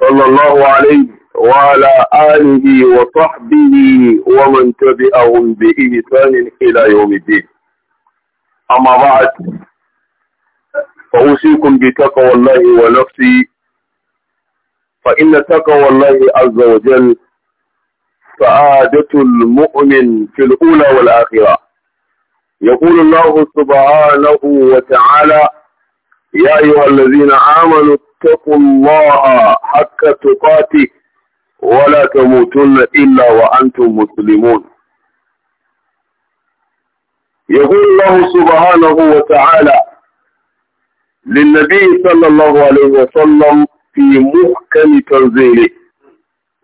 صلى الله عليه وعلى آله وصحبه ومن تبعهم بإحسان إلى يوم الدين أما بعد فأوصيكم بتقوى الله ونفسي فإن تقوى الله عز وجل سعادة المؤمن في الأولى والآخرة يقول الله سبحانه وتعالى يا أيها الذين آمنوا اتقوا الله حق تقاته ولا تموتن إلا وأنتم مسلمون يقول الله سبحانه وتعالى للنبي صلى الله عليه وسلم في محكم تنزيله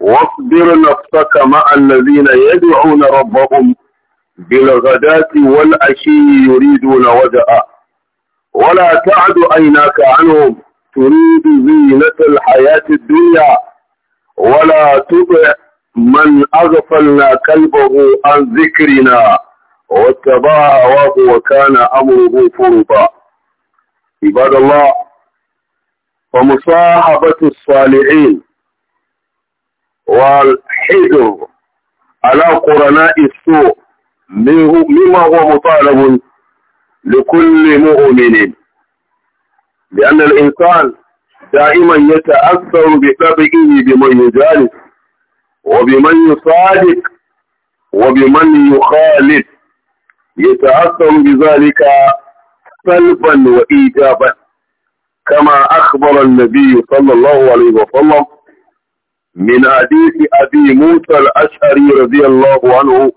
واصبر نفسك مع الذين يدعون ربهم بالغداة والعشي يريدون وجهه ولا تعد عيناك عنهم تريد زينة الحياة الدنيا ولا تطع من أغفلنا قلبه عن ذكرنا واتبع هواه وكان أمره فرطا عباد الله ومصاحبة الصالحين والحذر على قرناء السوء مما هو مطالب لكل مؤمن لأن الإنسان دائما يتأثر بطبعه بمن يجالس وبمن يصادق وبمن يخالف يتأثر بذلك سلبا وإيجابا كما أخبر النبي صلى الله عليه وسلم من حديث أبي موسى الأشعري رضي الله عنه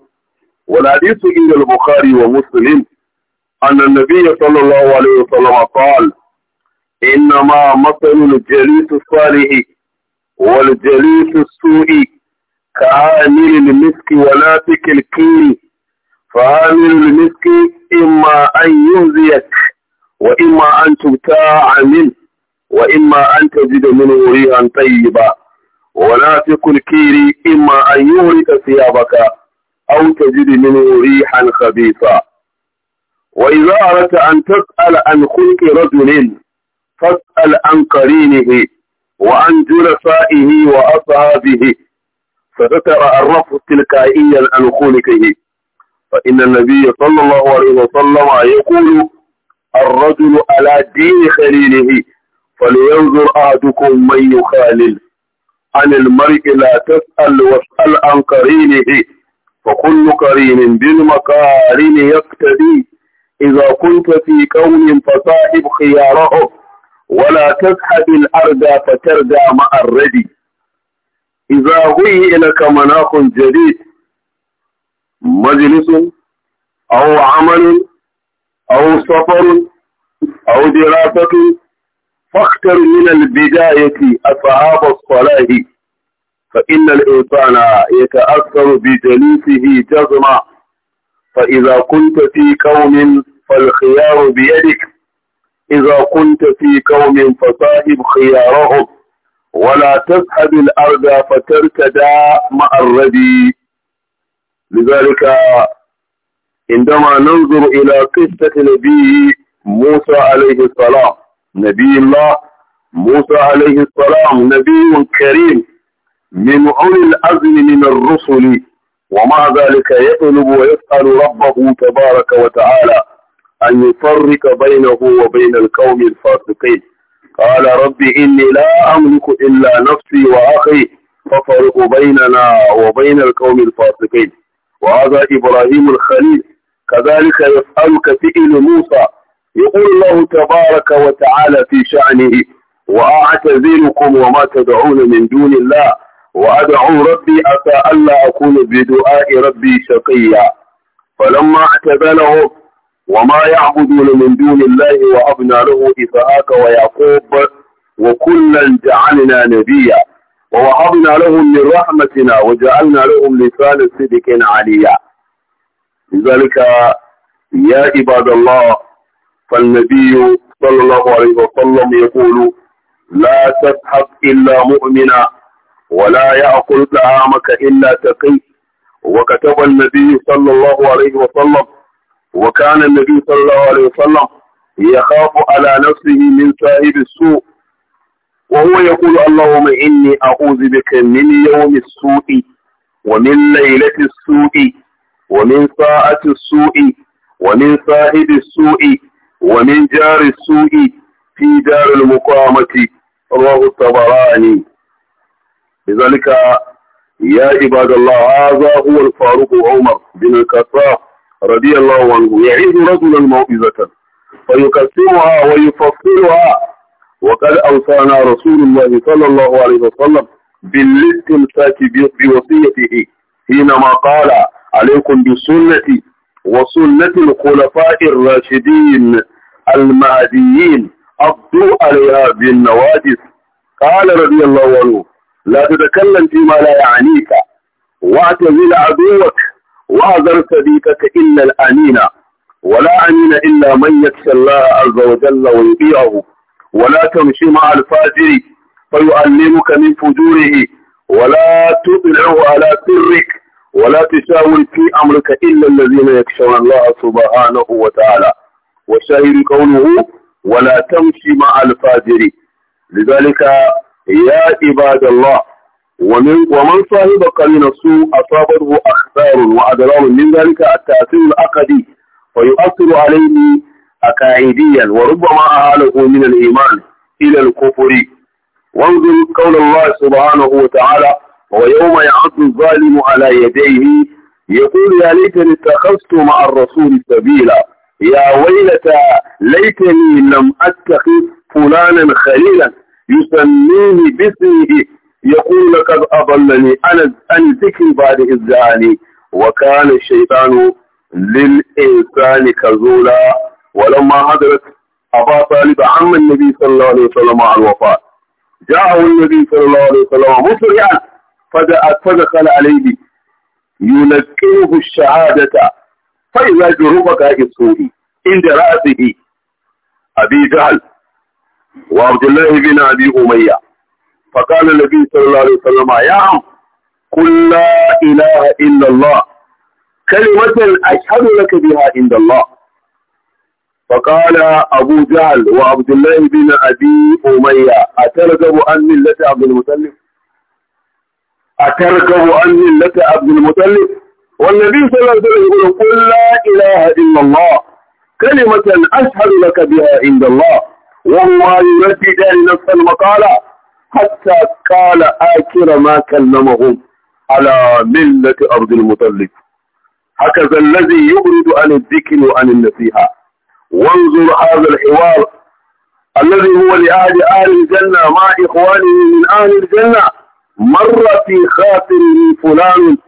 والحديث عند البخاري ومسلم أن النبي صلى الله عليه وسلم قال إنما مثل الجليس الصالح والجليس السوء كعامل المسك ولاتك الكيل فعامل المسك إما أن يهزيك وإما أن تبتاع منه وإما أن تجد منه ريحا طيبا ولاتك الكيل إما أن يهرك ثيابك أو تجد منه ريحا خبيثا وإذا أردت أن تسأل عن خلق رجل فاسأل عن قرينه وعن جلسائه وأصحابه فذكر الرفض تلكائيا عن خلقه فإن النبي صلى الله عليه وسلم يقول الرجل على دين خليله فلينظر أحدكم من يخالل عن المرء لا تسأل واسأل عن قرينه فكل قرين بالمقارن يقتدي إذا كنت في كون فصاحب خياره ولا تسحب الأرض فتردى مع الردي إذا هي لك مناخ جديد مجلس أو عمل أو سفر أو دراسة فاختر من البداية أصحاب الصلاة فإن الإنسان يتأثر بجليسه جزمًا فإذا كنت في قوم فالخيار بيدك إذا كنت في قوم فصاحب خيارهم ولا تسحب الأرض فترتدى مع الردي لذلك عندما ننظر إلى قصة نبي موسى عليه السلام نبي الله موسى عليه السلام نبي كريم من أولي العزم من الرسل ومع ذلك يطلب ويسأل ربه تبارك وتعالى أن يفرق بينه وبين الكون الفاسقين قال ربي إني لا أملك إلا نفسي وأخي ففرق بيننا وبين الكون الفاسقين وهذا إبراهيم الخليل كذلك يسألك فئل موسى يقول الله تبارك وتعالى في شأنه وأعتذركم وما تدعون من دون الله وأدعو ربي أسى ألا أكون بدعاء ربي شقيا فلما اعتزله وما يعبدون من دون الله وأبنى له إسحاق ويعقوب وكلا جعلنا نبيا ووهبنا لهم من رحمتنا وجعلنا لهم لسان صدق عليا لذلك يا عباد الله فالنبي صلى الله عليه وسلم يقول لا تسحب إلا مؤمنا ولا يأكل طعامك إلا تقي وكتب النبي صلى الله عليه وسلم وكان النبي صلى الله عليه وسلم يخاف على نفسه من صاحب السوء وهو يقول اللهم إني أعوذ بك من يوم السوء ومن ليلة السوء ومن ساعة السوء ومن صاحب السوء ومن جار السوء في دار المقامة رواه الطبراني لذلك يا عباد الله هذا هو الفاروق عمر بن الخطاب رضي الله عنه يعيد رجلا موعظة فيكسرها ويفصلها وقد أوصانا رسول الله صلى الله عليه وسلم بالاستمساك بوصيته حينما قال عليكم بسنتي وسنة الخلفاء الراشدين المهديين أبدوا عليها بالنواجس قال رضي الله عنه لا تتكلم فيما لا يعنيك واعتزل عدوك واعذر صديقك إلا الأمين ولا أمين إلا من يخشى الله عز وجل ويطيعه ولا تمشي مع الفاجر فيعلمك من فجوره ولا تطلعه على سرك ولا تشاور في أمرك إلا الذين يخشون الله سبحانه وتعالى وشاهد قوله ولا تمشي مع الفاجر لذلك يا عباد الله ومن ومن صاحب قرين السوء أصابته أخبار وأضرار من ذلك التأثير الأقدي ويؤثر عليه أكاعديا وربما أهاله من الإيمان إلى الكفر وانظر قول الله سبحانه وتعالى ويوم يعض الظالم على يديه يقول يا ليتني اتخذت مع الرسول سبيلا يا ويلتى ليتني لم أتخذ فلانا خليلا يسميه باسمه يقول لقد أضلني أنا أن ذكر بعد إذ وكان الشيطان للإنسان كزولا ولما حضرت أبا طالب عم النبي صلى الله عليه وسلم على الوفاة جاءه النبي صلى الله عليه وسلم مسرعا فدخل عليه ينكره الشهادة فإذا جربك السوري عند رأسه أبي جهل وعبد الله بن أبي أمية فقال النبي صلى الله عليه وسلم يا عم قل لا إله إلا الله كلمة أشهد لك بها عند الله فقال أبو جهل وعبد الله بن أبي أمية أترغب أن ملة عبد المطلب أترغب أن ملة عبد المطلب والنبي صلى الله عليه وسلم يقول قل لا إله إلا الله كلمة أشهد لك بها عند الله والله التي داري نفس المقالة حتى قال آخر ما كلمهم على ملة أرض المطلب هكذا الذي يبرد عن الذكر وعن النصيحة وانظر هذا الحوار الذي هو لأهل أهل الجنة مع إخوانه من أهل الجنة مر في خاطره فلان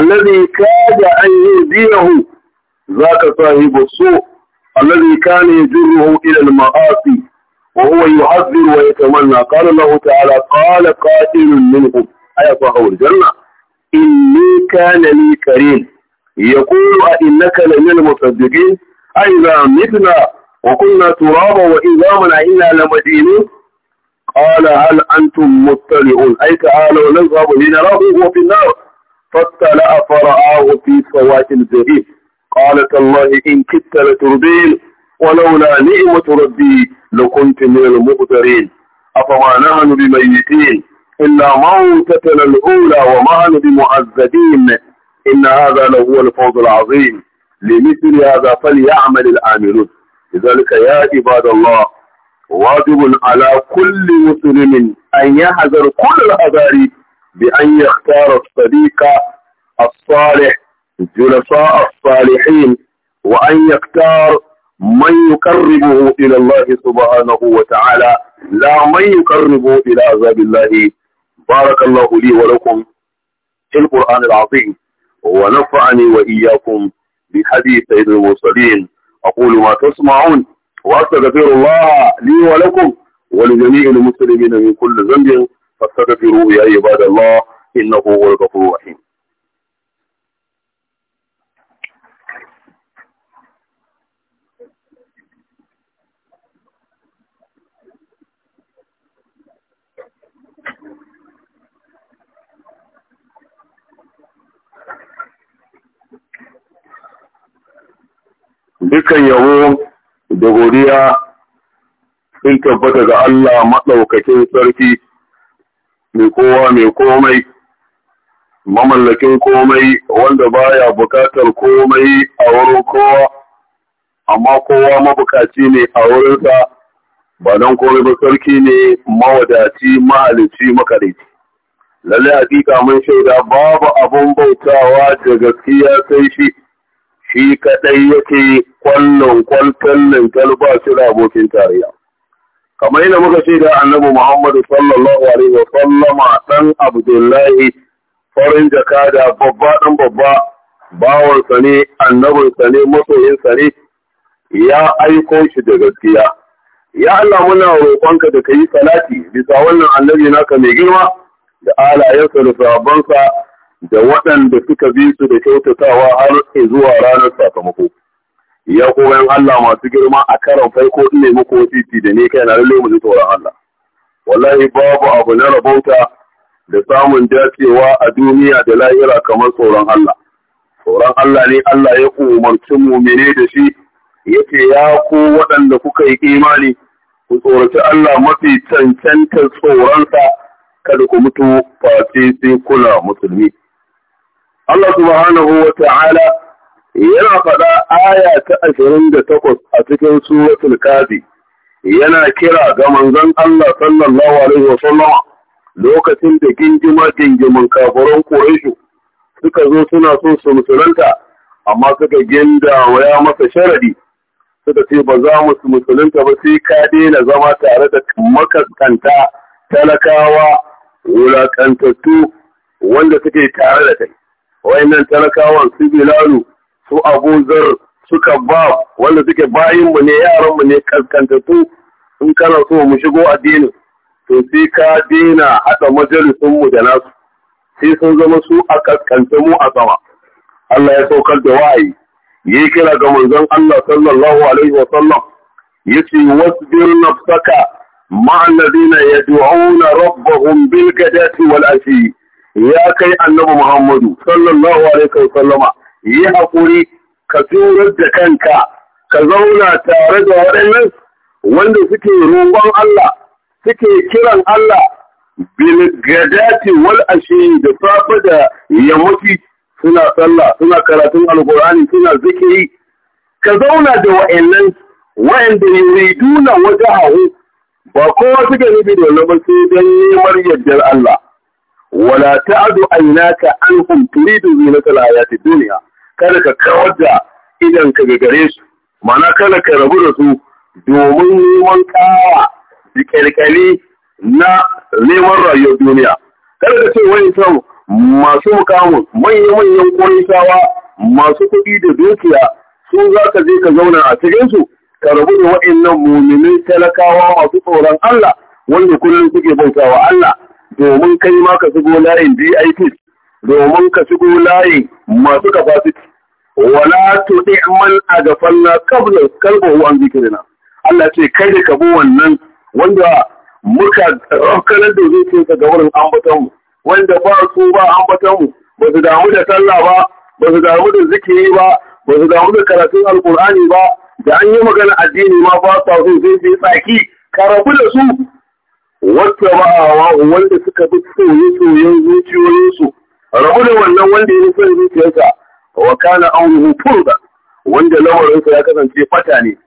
الذي كاد أن يهديه ذاك صاحب السوء الذي كان يجره إلى المعاصي وهو يعذر ويتمنى قال الله تعالى قال قائل منهم أي صحو الجنة إني كان لي كريم يقول أئنك لمن المصدقين أئذا متنا وكنا ترابا وإذا إنا لمدينين قال هل أنتم مطلعون أي تعالوا نذهب لنراه وفي النار فاتلأ فرآه في سواء الجحيم قالت الله إن كدت لتردين ولولا نعمة ربي لكنت من المقدرين أفما نحن بميتين إلا موتتنا الأولى وما نحن بمعذبين إن هذا لهو الفوز العظيم لمثل هذا فليعمل الآمنون لذلك يا عباد الله واجب على كل مسلم أن يحذر كل الحذار بأن يختار الصديق الصالح جلساء الصالحين وأن يختار من يقربه إلى الله سبحانه وتعالى لا من يقربه إلى عذاب الله بارك الله لي ولكم في القرآن العظيم ونفعني وإياكم بحديث سيد المرسلين أقول ما تسمعون وأستغفر الله لي ولكم ولجميع المسلمين من كل ذنب فاستغفروه يا عباد الله إنه هو الغفور الرحيم dukan yabo da godiya sun tabbata ga Allah maɗaukakin sarki mai kowa mai komai mamallakin komai wanda baya bukatar komai a wurin kowa amma kowa mabukaci ne a wurinsa ba don komai ba sarki ne mawadaci mahalici makaɗaici. lalle hakika mun shaida babu abin bautawa da gaskiya sai shi shi kaɗai yake kwallon kwalkallon kalba shi da abokin tarayya. Kamar yadda muka ce da annabi Muhammadu sallallahu alaihi wa sallama ɗan Abdullahi farin jaka da babba ɗan babba bawansa ne annabinsa ne masoyinsa ne ya aiko shi da gaskiya. Ya Allah muna roƙonka da ka yi salati bisa wannan annabi naka mai girma da alayensa da sahabbansa da waɗanda suka bi su da kyautatawa har zuwa ranar sakamako. Ya kuma yin Allah masu girma a karan farko ne muku titi da ne kai na lalle mu ji tsoron Allah. Wallahi babu abu na rabauta da samun dacewa a duniya da lahira kamar tsoron Allah. Tsoron Allah ne Allah ya umarci mene da shi ce ya ku waɗanda kuka yi imani ku tsoraci Allah mafi cancantar tsoronsa kada ku mutu face sai kula musulmi. Allah subhanahu wa ta'ala yana faɗa aya ta ashirin da takwas a cikin suratul kafi yana kira ga manzon Allah sallallahu alaihi wa sallam lokacin da gingima gingimin kafiran Quraishu suka zo suna so su musulunta amma suka ginda waya masa sharadi suka ce ba za mu musulunta ba sai ka daina zama tare da makaskanta talakawa wulakantattu wanda suke tare da kai nan talakawan su bilalu su abu zar suka wanda suke bayin mu ne yaran mu ne kaskantattu in kana so mu shigo addinin to sai ka daina haɗa majalisunmu da nasu sai sun zama su a kaskanta mu a sama Allah ya saukar da wa'ayi yi kira ga manzon Allah sallallahu alaihi wa sallam yace wasbir nafsaka ma'a alladhina yad'una rabbahum bil ghadati wal ashi ya kai annabi Muhammadu sallallahu alaihi wa sallama yi haƙuri ka tsorar da kanka ka zauna tare da waɗannan wanda suke roƙon Allah suke kiran Allah bil gadati wal ashi da safa da yammaci suna sallah suna karatun alqur'ani suna zikiri ka zauna da waɗannan waɗanda yuriduna wajahu ba kowa suke nufi da wannan ba sai dan neman yardar Allah wala ta'adu aynaka anhum turidu zinata al ta duniya, kada ka kawar da idan ka ga gare su mana kada ka rabu da su domin neman kawa da na neman rayuwar duniya kada ka ce wani sau masu mukamun manya-manyan kwanisawa masu kuɗi da dukiya sun za ka je ka zauna a cikinsu ka rabu da waɗannan muminin talakawa masu tsoron Allah wanda kullum suke bautawa Allah domin kai ma ka shigo layin VIP domin ka shigo layin masu capacity wala to dai man falla kabla kalbo wan zikrina Allah ce kai ka kabo wannan wanda muka rakalar da zai ce ga wurin ambaton mu wanda ba su ba ambaton mu ba su damu da sallah ba ba su damu da zikiri ba ba su damu da karatun alkur'ani ba da an yi magana addini ma ba su zai zai tsaki ka rabu da su tattaunawa wanda suka bi soye-soyen zuciyoyinsu rabu da wannan wanda ya son zuciyarsa wa kana auruhu furda wanda lamarinsa ya kasance fata ne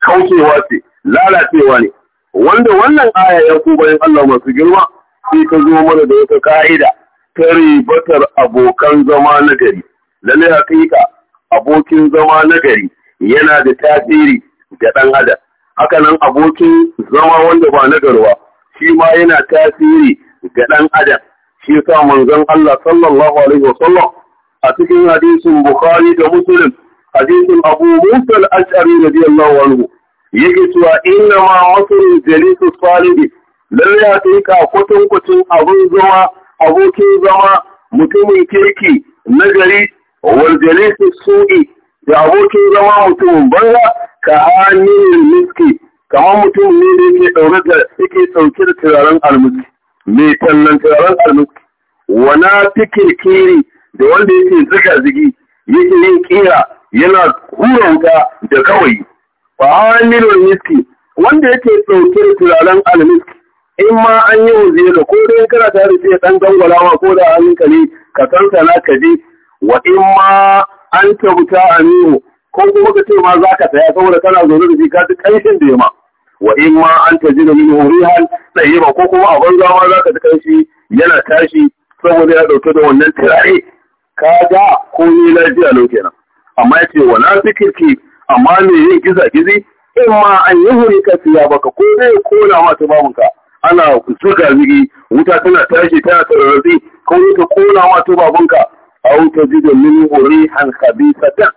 kaucewa ce lalacewa ne wanda wannan aya ya ku bayan Allah masu girma sai ta zo mana da wata ka'ida ta ribatar abokan zama na gari hakika abokin zama nagari yana da tasiri ga ɗan adam haka nan abokin zama wanda ba na shi ma yana tasiri ga ɗan adam shi yasa manzon Allah sallallahu alaihi wasallam a cikin hadisin Bukhari da Muslim hadisin Abu Musa al-Ash'ari radiyallahu anhu yake cewa inna ma masul jalisu salihi lalle hakika kutun-kutun, abun zama abokin zama mutumin kirki nagari wal jalisu su'i da abokin zama mutumin banza ka hanyar miski kamar mutum ne da yake ɗaure da yake ɗauke da turaren almuki mai tallan turaren almuki wana kere da wanda yake ziga zigi yake yin kera yana hura wuta da kawai fa hamilul miski wanda yake ɗauke da turaren almuki in ma an yi wuzi da ko dai kana tare da shi dan ko da hankali ka san sana ka ji wa in ma an tabuta amihu ko kuma ka ce ma za ka saya saboda kana zaune da shi ka ji kanshin da yamma wa in ma an taji da min rihan tsayiba ko kuma a banza ma za ka ji kanshi yana tashi saboda ya dauke da wannan tirare. ka ga ko ni lafiya lau kenan amma yace wala fikirki amma me yin giza gizi in ma an yi huri ka siya baka ko kona ma tubabinka ana zuga zigi wuta tana tashi tana tararrazi ko ta kona ma tubabinka a wuta ji da min huri khabisatan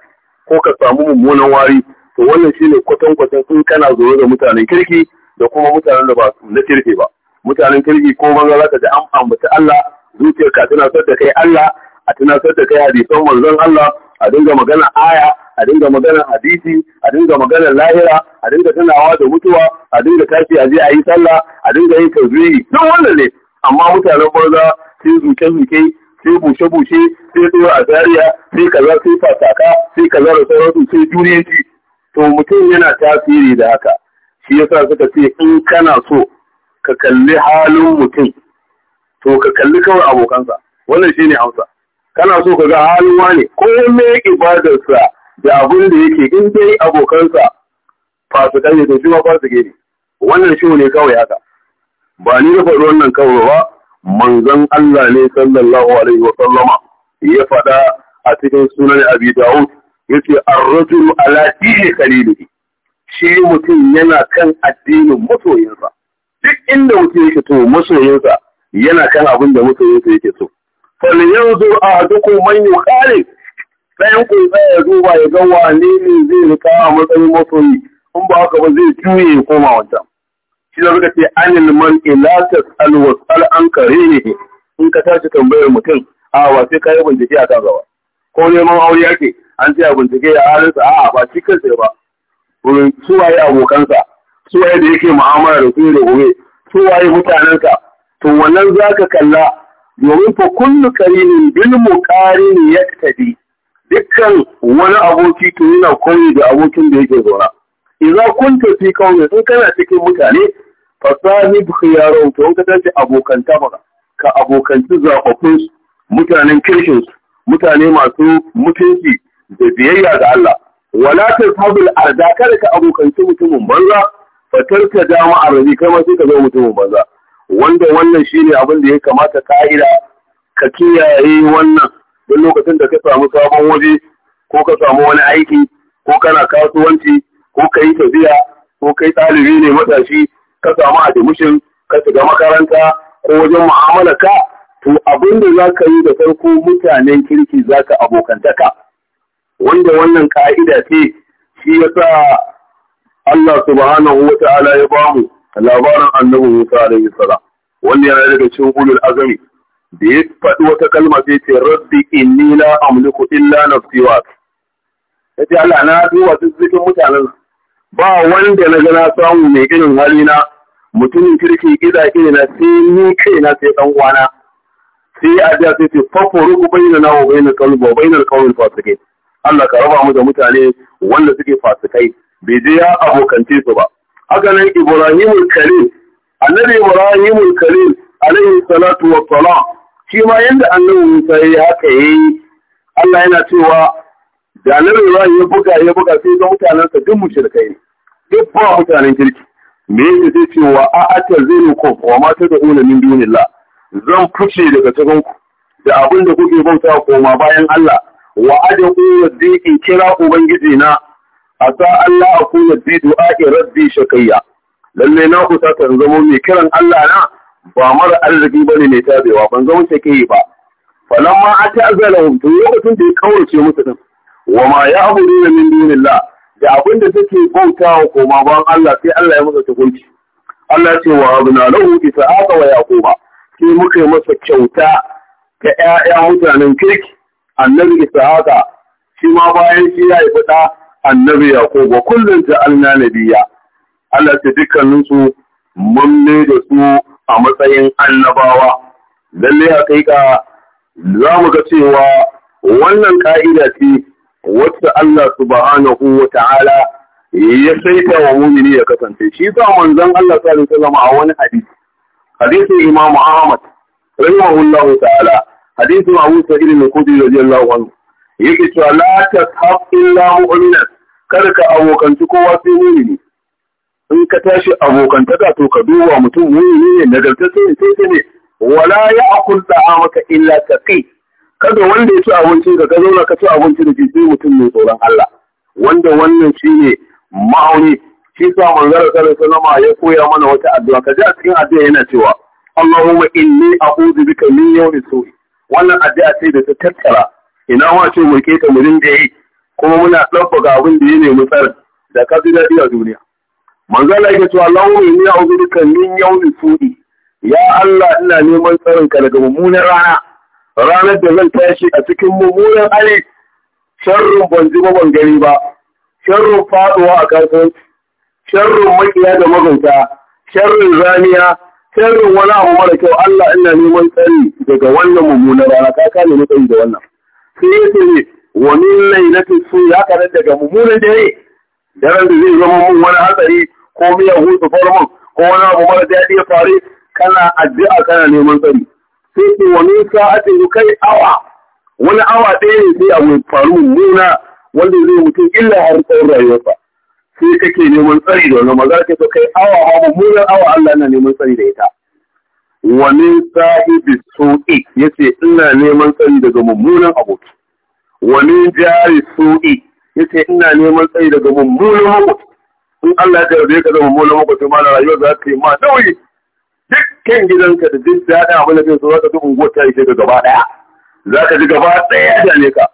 ko ka samu mummunan wari to wannan shine kwaton in kana zoro da mutanen kirki da kuma mutanen da ba na kirki ba mutanen kirki ko banza za ka ji an ambata Allah zuciyar ka tana da kai Allah a tunatar da kai hadisan manzon Allah a dinga magana aya a dinga magana hadisi a dinga magana lahira a dinga tunawa da mutuwa a dinga tashi a je a yi sallah a dinga yin tazwiri duk wannan ne amma mutanen banza sai zuke-zuke sai bushe-bushe sai tsoro a zariya sai kaza sai fasaka sai kaza da sauransu sai juriyanci to mutum yana tasiri da haka shi yasa suka ce in kana so ka kalli halin mutum to ka kalli kawai abokansa wannan shine hausa kana so ka ga halin wane ko me ibadarsa da abin da yake in dai abokansa fasikai ne to shi ma fasike ne wannan shi ne kawai haka ba ni da faɗi wannan kawai ba manzon Allah ne sallallahu alaihi wa sallama ya faɗa a cikin sunan Abi Dawud yace ar rajul ala dini khalilihi shi mutum yana kan addinin masoyinsa duk inda mutum yake to masoyinsa yana kan abin da masoyinsa yake so a duku man yukhalif dayan ku ya duba ya ga wane ne zai rika a matsayin masoyi in ba haka ba zai juye ya koma wancan shi da muka ce anil man ila tasal wa sal an in ka tashi tambayar mutum a wa sai ka bincike a kan gaba ko neman aure yake an ce a bincike ya halinsa a'a ba shi kansa ba wurin suwaye abokansa suwaye da yake mu'amala da su da gobe suwaye mutanensa to wannan zaka kalla domin fa kullu karinin bil muqarin yaktadi dukkan wani aboki to yana koyi da abokin da yake zauna Iza kun tafi kawai sun kana cikin mutane fasahib ta to ka tace abokan ba ka abokanci zaɓaɓɓun mutanen kirkin su mutane masu mutunci da biyayya ga Allah wala tashabul arda kada ka abokanci mutumin banza fatarka dama arabi kai ma sai ka zama mutumin banza wanda wannan shine abin da ya kamata ka'ida ka kiyaye wannan duk lokacin da ka samu sabon waje ko ka samu wani aiki ko kana kasuwanci ko ka yi tafiya ko kai ɗalibi ne matashi ka samu admission ka shiga makaranta ko wajen mu'amala ka to abin da za ka yi da farko mutanen kirki za ka abokantaka wanda wannan ka'ida ce shi ya sa Allah subhanahu wa ta'ala ya bamu labarin annabi Musa alaihi salam wanda yana daga cikin ulul azami da ya faɗi wata kalma sai ce rabbi inni la amliku illa nafsi wa ta ce Allah na duba cikin mutanen ba wanda na ga na samu mai irin halina mutumin kirki gida na sai ni na sai dan uwana sai a da sai ce faforu nawa wa bainal qawmi Allah ka raba mu da mutane wanda suke fasikai bai je ya abokance su ba haka nan Ibrahim Karim annabi Ibrahim Karim alaihi salatu wa salam shi ma yanda annabi Musa ya haka yi. Allah yana cewa da annabi ya buga ya buga sai ga mutanensa duk mushrikai ne duk ba mutanen kirki me yake sai ce wa a'ata zainukum wa da ula min dunillah zan fice daga cikin ku da abin da kuke bauta koma bayan Allah wa adu in kira ubangiji na asa Allah a kuna bi ke rabbi shakayya lalle na ku ta kan zama mai kiran Allah na ba mara arziki bane mai tabewa ban zama shakayya ba falamma ata'azalahum to lokacin da ya kaurace musu din wa ma da min dunillah da abin da suke bautawa koma ban Allah sai Allah ya masa tukunci Allah ce wa abna lahu isaaka wa yaquba sai muka masa kyauta ga 'ya'ya mutanen kirki annabi isaaka shi ma bayan shi ya yi fada annabi yaquba kullun ta nabiya Allah ce dukkanin su mun da su a matsayin annabawa lalle ka, za mu ga cewa wannan ka'ida ce wacce Allah subhanahu wa ta'ala ya saita wa mumini ya kasance shi ta wanzan Allah sallallahu ta zama a wani hadisi hadisi Imam Ahmad rahimahullahu ta'ala hadisin Abu Sa'id al-Khudri radiyallahu anhu yake cewa la tashab illa mu'minan kada ka abokanci kowa sai mumini in ka tashi abokantaka to ka duba mutum mumini ne nagartacce sai sai ne wala ya a maka illa kai. kada wanda ya ci abinci da ka zauna ka ci abinci da ke sai mutum mai tsoron Allah wanda wannan shi ne ma'auni shi sa manzara sallallahu ya koya mana wata addu'a kaje a cikin addu'a yana cewa Allahumma inni a'udhu bika min yawmi su'i wannan addu'a ce da ta tattara ina ma ce mu ke ta mu dinga yi kuma muna ga abin da ya nemi tsara da ka bi daɗi a duniya manzara yake cewa Allahumma inni a'udhu bika min yawmi su'i ya Allah ina neman tsarin ka daga mummunan rana ranar da zan tashi a cikin mummunan hali sharrin ban ji ban gani ba sharrin faduwa a kasuwanci sharrin makiya da magunta sharrin zaniya sharrin wani abu mara kyau Allah ina neman tsari daga wannan mummunan rana ka kame ni tsari da wannan sai yace ne wani min su ya kare daga mummunan dare daren da zai zama mun wani hatsari ko miya hutu farmon ko wani abu mara daɗi ya faru kana addu'a kana neman tsari sai ce wa min sa'atin kai awa wani awa ɗaya ne sai abu faru mummuna wanda zai mutum illa har tsawon rayuwarsa sai kake neman tsari da wani maza ke kai awa awa mummunan awa Allah na neman tsari da ita Wani min so'i ya ce ina neman tsari daga mummunan aboki Wani jari so'i ya ce ina neman tsari daga mummunan makwabci in Allah ya jarrabe ka zama mummunan makwabci ma na rayuwa za ta yi ma nauyi dukkan gidanka da duk daɗin abin da zai zo zaka duk unguwar ta ishe ka gaba ɗaya za ka ji gaba ɗaya da ne ka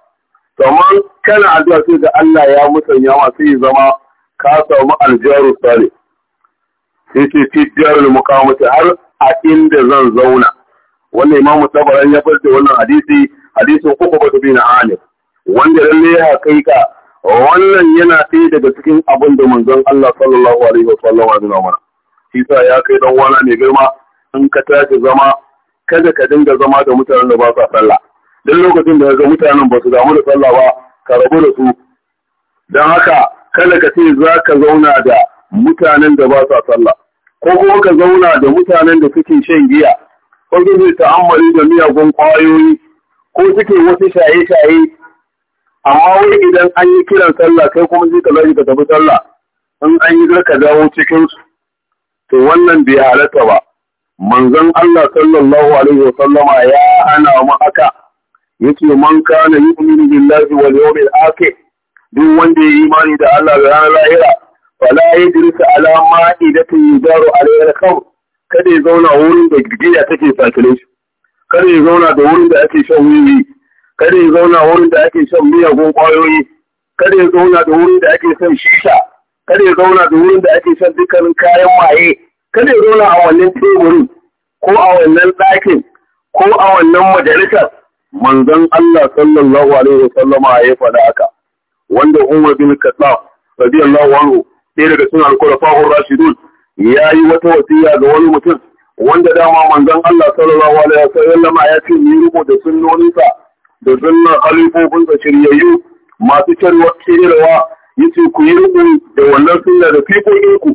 kamar kana addu'a sai ga Allah ya musanya ma sai zama ka samu aljaru sale sai ce tijjarul muqamati har a inda zan zauna wannan imamu tabaran ya farce wannan hadisi hadisin uku ba bin amir wanda lalle ya kai ka wannan yana ɗaya daga cikin abin da manzon Allah sallallahu alaihi wa sallam ya nuna mana isa ya kai dan wana ne girma in ka tashi zama kada ka dinga zama da mutanen da ba sa sallah duk lokacin da ga mutanen ba su damu da sallah ba ka rabu da su dan haka kada ka ce za ka zauna da mutanen da ba sa sallah ko kuma ka zauna da mutanen da suke shan giya ko suke ta'ammali da miyagun kwayoyi ko suke wasu shaye-shaye amma wai idan an yi kiran sallah kai kuma zai ka zai ka tafi sallah in an yi ka dawo cikin su to wannan bai halatta ba manzon Allah sallallahu alaihi wasallama ya hana mu aka yake man kana yu'minu billahi wal yawmil akhir duk wanda ya imani da Allah da ranar lahira fala yajlis ala ma'idatin yudaru alayhi al kada ya zauna wurin da gidiya take sakile shi kada ya zauna da wurin da ake shan wiwi kada ya zauna wurin da ake shan miyagun kwayoyi kada ya zauna da wurin da ake shan shisha kada ya zauna da wurin da ake shan dukkanin kayan maye kada ya zauna a wannan teburin ko a wannan ɗakin ko a wannan majalisar manzon Allah sallallahu alaihi wa sallama ya faɗa haka wanda Umar bin Khattab radiyallahu anhu ɗaya daga cikin al-khulafa'ur rashidun yi wata wasiya ga wani mutum wanda dama manzon Allah sallallahu alaihi wa sallama ya ce ni rubo da sunnoninsa da sunnar sa shiryayyu masu shirwa yace ku yi rubu da wannan suna da fiƙoƙin ku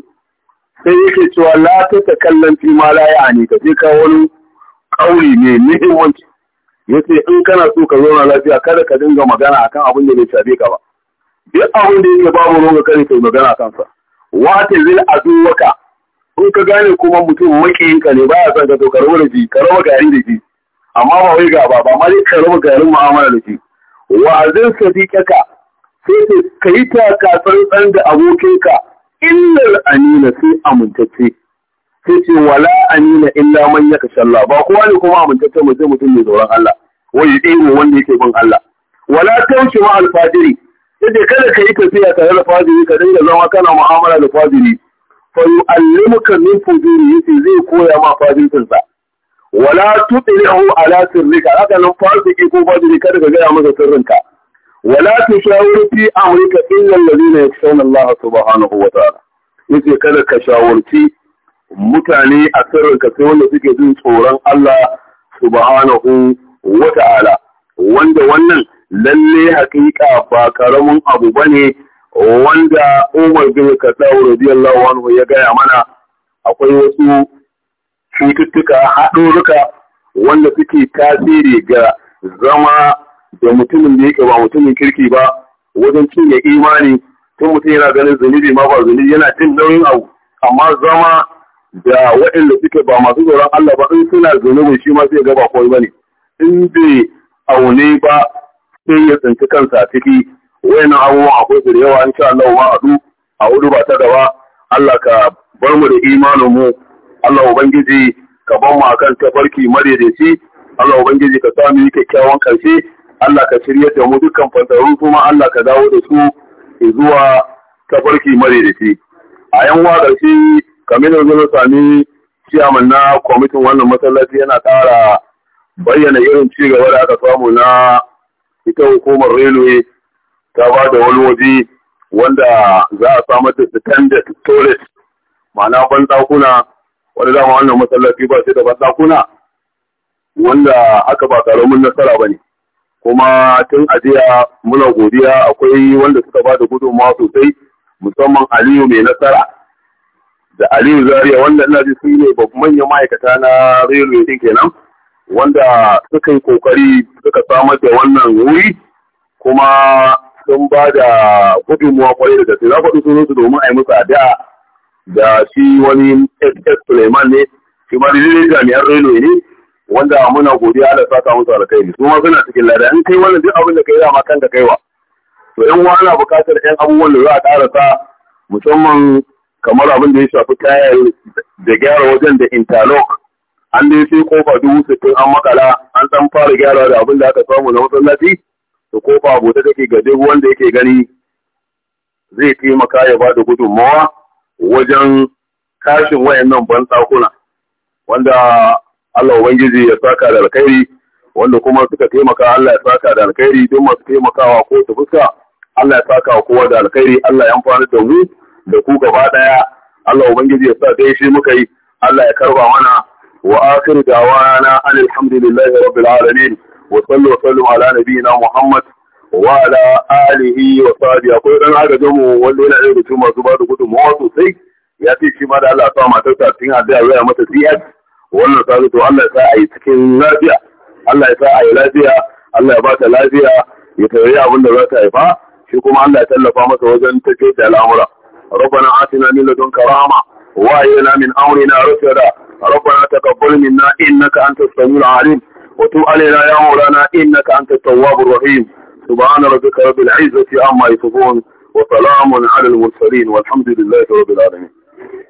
sai yake cewa la ta kallon fi ma la ya'ani ka je ka wani kauli ne muhimmanci ce in kana so ka zauna lafiya kada ka dinga magana akan abin da bai shafe ka ba duk abin da yake babu ruwan kare kai magana kansa wata zil waka. in ka gane kuma mutum makiyinka ne baya son ka to ka rabu da shi ka raba gari da shi amma ba wai gaba ba ma dai ka raba garin mu'amala da shi wa azin sadiqaka Sai ka yi taka-tsantsan da abokinka illar anina sai amintacce sai ce wala anina illa man yaka shalla ba kowa ne kuma amintacce mutum mutum mai tsoron Allah wai dai mu wanda yake bin Allah wala taushi ma alfajiri sai kada ka yi tafiya tare da fajiri ka dinga zama kana mu'amala da fajiri fa yu'allimuka min fujuri yace zai koya ma fajirin sa wala tudrihu ala sirrika haka nan fajiri ko fajiri kada ka gaya masa sirrinka wala tushawir fi amrika illa naya yakhshawna Allah subhanahu wa ta'ala yace kada ka shawarci mutane a sirrinka sai wanda suke jin tsoron Allah subhanahu wa ta'ala wanda wannan lalle hakika ba karamin abu bane wanda Umar bin Khattab radiyallahu anhu ya gaya mana akwai wasu cututtuka ruka, wanda suke tasiri ga zama da mutumin da yake ba mutumin kirki ba wajen cinye imani tun mutum yana ganin zunubi ma ba zunubi yana cin nauyin abu amma zama da waɗanda suke ba masu tsoron Allah ba in suna zunubi shi ma sai ga ba kawai bane in bai aune ba sai ya tsinci kansa ciki wayannan abubuwan akwai su da yawa sha Allah ma adu a hudu ba ta gaba Allah ka bar mu da imanin mu Allah ubangiji ka bar mu akan tabarki madaidaici Allah ubangiji ka yi kyakkyawan karshe Allah ka shirya da mu dukkan fantarun kuma Allah ka dawo da su zuwa tafarki madaidaici a yan wa ƙarshe kamar yanzu na sami ciyaman na kwamitin wannan masallaci yana ƙara bayyana irin ci gaba da aka samu na ita hukumar railway ta ba da wani waje wanda za a samar da standard toilet ma'ana banɗakuna wani dama wannan masallaci ba shi da banɗakuna wanda aka ba karamin nasara ba ne kuma tun a jiya muna godiya akwai wanda suka ba da gudunmawa sosai musamman aliyu mai nasara da aliyu zaria wanda ina ji su babu manyan ma'aikata na railway din kenan wanda suka yi kokari suka samar da wannan wuri kuma sun ba da gudunmawa kwarai da gaske na faɗi sunan su domin a yi musu addu'a da shi wani ss suleiman ne shi ma da jami'an railway ne wanda muna godiya Allah saka musu alkhairi su ma suna cikin lada in kai wannan duk abin da kai ma kanka kaiwa to in wani ana buƙatar yan abubuwan da za a ƙara sa musamman kamar abin da ya shafi kaya da gyara wajen da interlock an dai sai kofa dubu sittin an makala an san fara gyara da abin da aka samu na masallaci to kofa abu take ga duk wanda yake gani zai taimaka ya ba da gudunmawa wajen kashin wayannan ban wanda Allah ubangiji ya saka da alkhairi wanda kuma suka taimaka Allah ya saka da alkhairi duk masu taimakawa ko su fuska Allah ya saka wa kowa da alkhairi Allah ya amfana da mu da ku gaba daya Allah ubangiji ya sa dai shi muka yi Allah ya karba mana wa akhir da'wana alhamdulillahi rabbil alamin wa sallu wa sallu ala nabiyyina Muhammad wa ala alihi wa sahbihi akwai dan agajin mu wanda yana da rubutu masu ba da gudunmawa sosai ya ce shi ma da Allah ya sa matarsa cikin addu'a ya mata ziyara wannan sami to Allah ya sa a yi cikin lafiya Allah ya sa a yi lafiya Allah ya ba ta lafiya ya tawaye abin da za ta haifa shi kuma Allah ya tallafa masa wajen take da al'amura ربنا آتنا من لدنك رحمة وأعينا من أمرنا رشدا ربنا تقبل منا إنك أنت السميع العليم وتب علينا يا مولانا إنك أنت التواب الرحيم سبحان ربك رب العزة عما يصفون وسلام على المرسلين والحمد لله رب العالمين